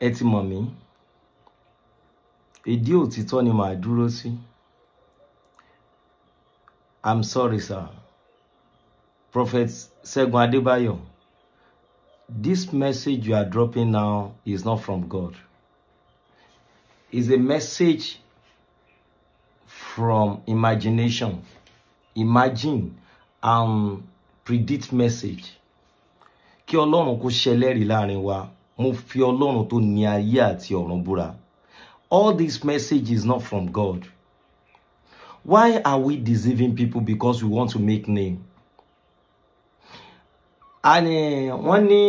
ẹ ti mọ̀ mí ìdí òtítọ́ ni màá dúró sí i'm sorry sir prophet Ṣẹ́gun Adébáyọ̀ this message you are dropping now is not from God it's a message from imagination imagine and predict message kí Ọlọ́run kó ṣẹlẹ́rìí láàrin wa mo fi ọlọ́run tó ní ayé àti ọ̀run búra all this message is not from God why are we deceiving people because we want to make name àní wọ́n ní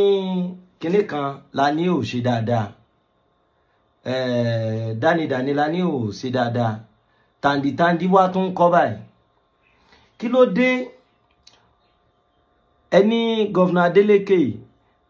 kinní kan la ní ò ṣe dáadáa eh, dánidàní la ní ò ṣe dáadáa tàǹdìtàǹdì wá tún kọ́ báyìí kí ló dé ẹni gọ́vnà Adeleke yìí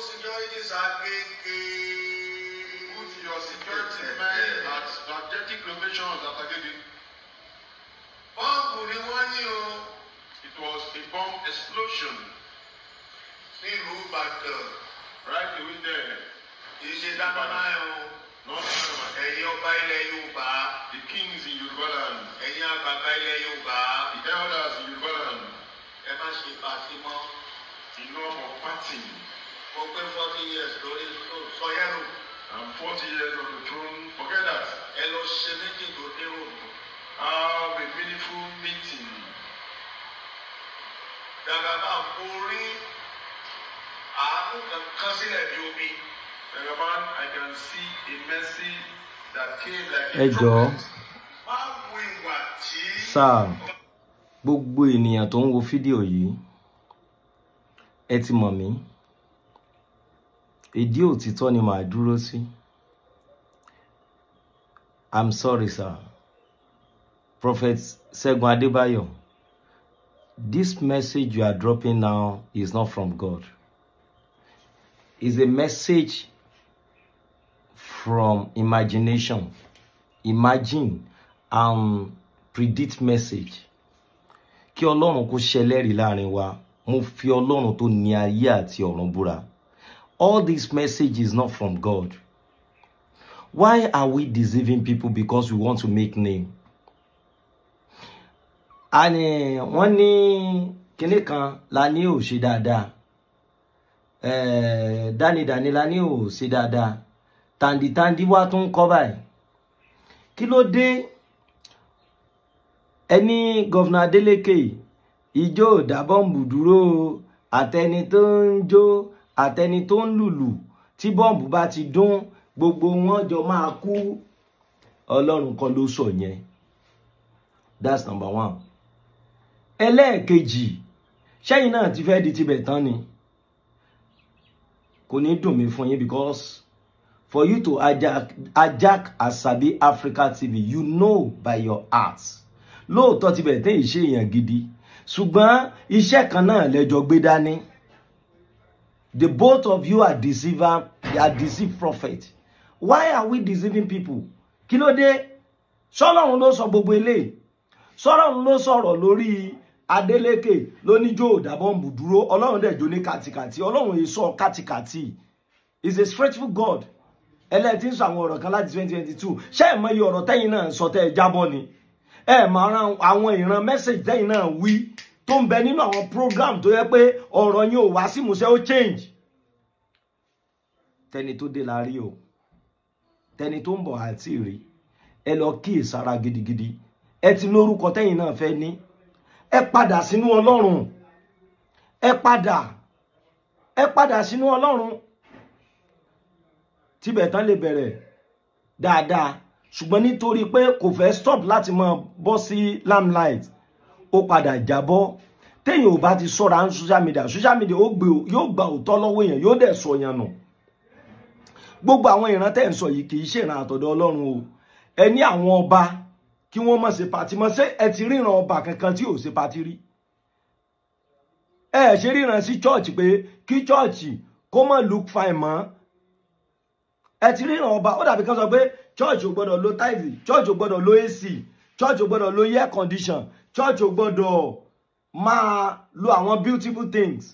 securities agbègbè. Put your security men at strategic locations at Agege. Bọ́ǹbù ni wọ́n ní o. It was a bomb explosion. Nílùú Ìbàdàn. Right away there. Kì í ṣe dábàláyà o. Ẹ̀yin ọba ilẹ̀ Yorùbá. The kings in Yorùbá land. Ẹ̀yin àgbàgbà ilẹ̀ Yorùbá. The elders in Yorùbá land. Ẹ má ṣe pàtí mọ́. Enough of partying mo pé forty years lórí sọyẹ́nù. I'm forty years on the throne forget that. ẹ lọ ṣe méjì Have a meaningful meeting. Dàgàbà borí àánú kankan sílẹ̀ bí omi. Dàgàbà I can see a mercy that came like a prophet. Má gbogbo ènìyàn tó ń wo fídíò yìí ẹ ti mọ̀ mí ìdí òtítọ́ ni màá dúró sí i'm sorry sir prophet Ṣẹ́gun Adébáyọ̀ this message you are dropping now is not from God it's a message from imagination imagine and predict message kí Ọlọ́run kó ṣẹlẹ́rìí láàrin wa mo fi Ọlọ́run tó ní ayé àti ọ̀run búra all this message is not from God. Why are we deceiving people because we want to make name? A ní eh, wọ́n ní kinní kan la ní ò ṣe dáadáa. Eh, Dánidàní la ní ò ṣe dáadáa. Tàǹdìtàǹdì wá tún kọ́ báyìí. Kí ló dé? Ẹni gọ́vnà Adeleke ìjó ò dúró àtẹni tó ń jó àtẹni tó ń lùlù tí bọ́ǹbù bá ti dún gbogbo wọn jọ máa kú ọlọ́run kan ló sọ yẹn that's number one ẹlẹ́ẹ̀kejì ṣẹ́yìn náà ti fẹ́ di tibẹ̀ tán ni kò ní dùn mí fún yín because for you to hijack, hijack Asabi Africa TV you know by your heart lóòótọ́ tibẹ̀ tẹ́ ìṣe èèyàn gidi ṣùgbọ́n iṣẹ́ kan náà lẹ́jọ́ gbé dání. The both of you are deceiver, You are deceived prophet. Why are we deceiving people? Kí ló dé? Ṣọ́lọ́run ló sọ gbogbo eléyìí. Ṣọ́lọ́run Adeleke. sọ̀rọ̀ lórí Adélékè lóníjó Dàbọ̀nbù dúró. Ọlọ́run dẹ̀ jó ní kàtìkàtì. Ọlọ́run yìí sọ kàtìkàtì. He's a straightful God. Ẹlẹ́tí ń sọ àwọn ọ̀rọ̀ kan láti 2022. Ṣé ẹ̀ mọ iye ọ̀rọ̀ tẹ́yìn náà sọ tẹ́ ẹ jábọ́ ni? Ẹ mọ àwọn ìran mẹ́sẹ̀jì tẹ́yìn náà tó ń bẹ nínú àwọn program tó yẹ pé ọ̀rọ̀ yín ò wá sí musẹ ó change tẹni tó dé la rí o tẹni tó ń bọ̀ àti rí ẹ lọ kíyè sára gidigidi ẹ ti lórúkọ tẹ́yìn náà fẹ́ ní ẹ padà sínú Ọlọ́run ẹ padà ẹ padà sínú Ọlọ́run tíbẹ̀ tán lè bẹ̀rẹ̀ dáadáa ṣùgbọ́n nítorí pé kò fẹ́ stop láti máa bọ́ sí limelight ó padà jábọ́ téèyàn ò bá ti sọ́ra ní social media social media yóò gba òótọ́ lọ́wọ́ èèyàn yóò dẹ̀ sọ yàn nù gbogbo àwọn ìran tẹ́ ń sọ yìí kì í ṣèràn àtọ̀dọ̀ ọlọ́run o ẹ ní àwọn ọba kí wọ́n má ṣe pati mọ́ ṣé ẹ ti ríran ọba kankan tí ò ṣe pati rí ẹ ṣe ríran sí chọ́ọ̀chì pé kí chọ́ọ̀chì kó má look fine mọ́ ẹ ti ríran ọba ó dàbí kan sọ pé chọ́ọ̀chì ò gbọ́dọ̀ lo táìsì chọ́ọ̀chì ò gbọ́dọ̀ lo ac Church ò gbọ́dọ̀ lo air condition church ò gbọ́dọ̀ máa lo àwọn beautiful things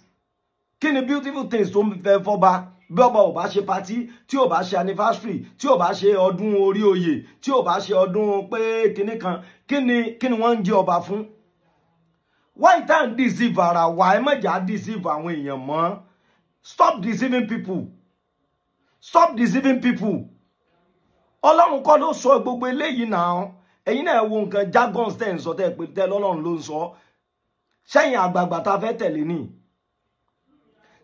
kí ni beautiful things tó ń fẹ́ fọ́ba bí ọba ò bá ṣe patí tí ò bá ṣe anniversary tí ò bá ṣe ọdún orí oyè tí ò bá ṣe ọdún pé kinní kan kí ni kí ni wọ́n ń jẹ ọba fún why tan deceive ara wa ẹ mọ̀jà deceive àwọn èèyàn mọ́ stop deceiving people stop deceiving people ọlọ́run kọ́ ló sọ gbogbo eléyìí náà ẹ̀yin náà wo nǹkan jargons tẹ́ ń sọ tẹ́ pé tẹ́ lọ́lọ́run ló ń sọ sẹ́yìn àgbààgbà tá a fẹ́ tẹ̀lé ni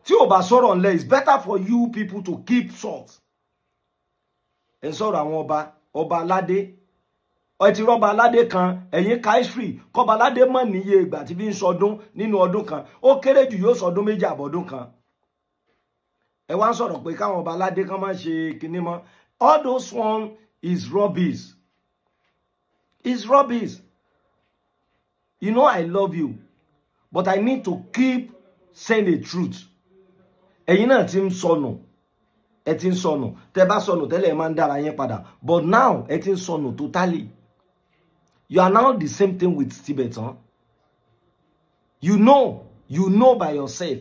tí ò bá sọ̀rọ̀ ńlẹ̀ it's better for you people to keep short ẹ̀ ń sọ̀rọ̀ àwọn ọba ọba aládé ẹ ti rọba aládé kan ẹ̀yin káísírì kọba aládé mọ̀ níye ìgbà tí fi ń sọdún nínú ọdún kan ó kéré jù yóò sọdún méjì àbọ̀dún kan ẹ wá ń sọ̀rọ̀ pé káwọn ọba aládé kan máa ṣe kinní mọ́ all those one is rubbish It's rubbish. You know I love you, but I need to keep saying the truth. Ẹ̀yin You know it's sọnù. Ẹ ti ń sọnù. Tẹ́ bá sọnù tẹ́lẹ̀ ẹ máa ń dára yẹn But now it's ti ń totally. You are now the same thing with Tibetan. You know, you know by yourself.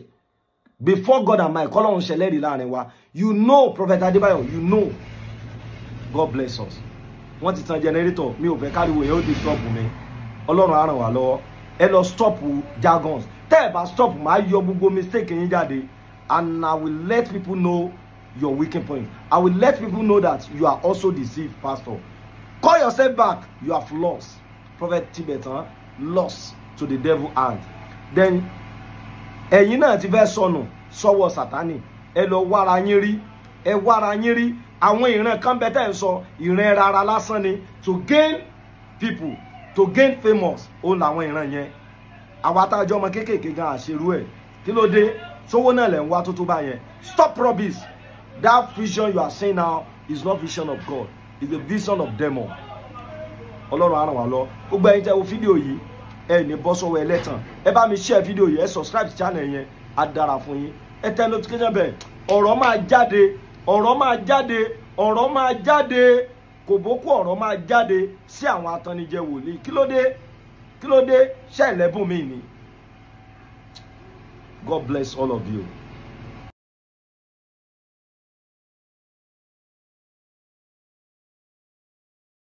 Before God and my kọ́lọ́run ṣẹlẹ́rìí láàrin wa. You know Prophet Adebayo, you know. God bless us wọ́n ti tan jẹnẹrétọ̀ mi ò fẹ́ káríwò yẹn ó di stop mi ọlọ́run á ràn wá lọ́wọ́ ẹ lọ stop jargons tẹ́ ẹ bá stop máa yọ gbogbo mistake yín jáde and i will let people know your weakened point i will let people know that you are also deceived pastor call yourself back you have lost prophet tibetan lost to the devil hand then ẹ̀yin náà ti fẹ́ sọnù sọ́wọ́ sátani ẹ lọ wára yín rí ẹ wára yín rí àwọn ìran kan bẹ tẹ́ ń sọ ìran rárá lásán ni to gain people to gain famous ó làwọn ìran yẹn àwa tá a jọ ọmọ kéékèèké gan àṣerú ẹ̀ kí ló dé sówó náà lẹ̀ ń wá tó tó báyẹn stop rubbish that vision you are seeing now is not vision of God it's a vision of demon ọlọ́run á ràn wá lọ gbogbo ẹ̀yin tẹ́ wo fídíò yìí ẹ ní bọ́ sọ́wọ́ ẹlẹ́tàn ẹ bá mi share fídíò yìí ẹ subscribe channel yẹn á dára fún yín ẹ tẹ notification bell ọ̀rọ̀ máa jáde ọ̀rọ̀ máa jáde ọ̀rọ̀ máa jáde kòbókò ọ̀rọ̀ máa jáde sí àwọn atanijẹ wòlíì kí ló dé kí ló dé ṣẹlẹ́bùn ni God bless all of you.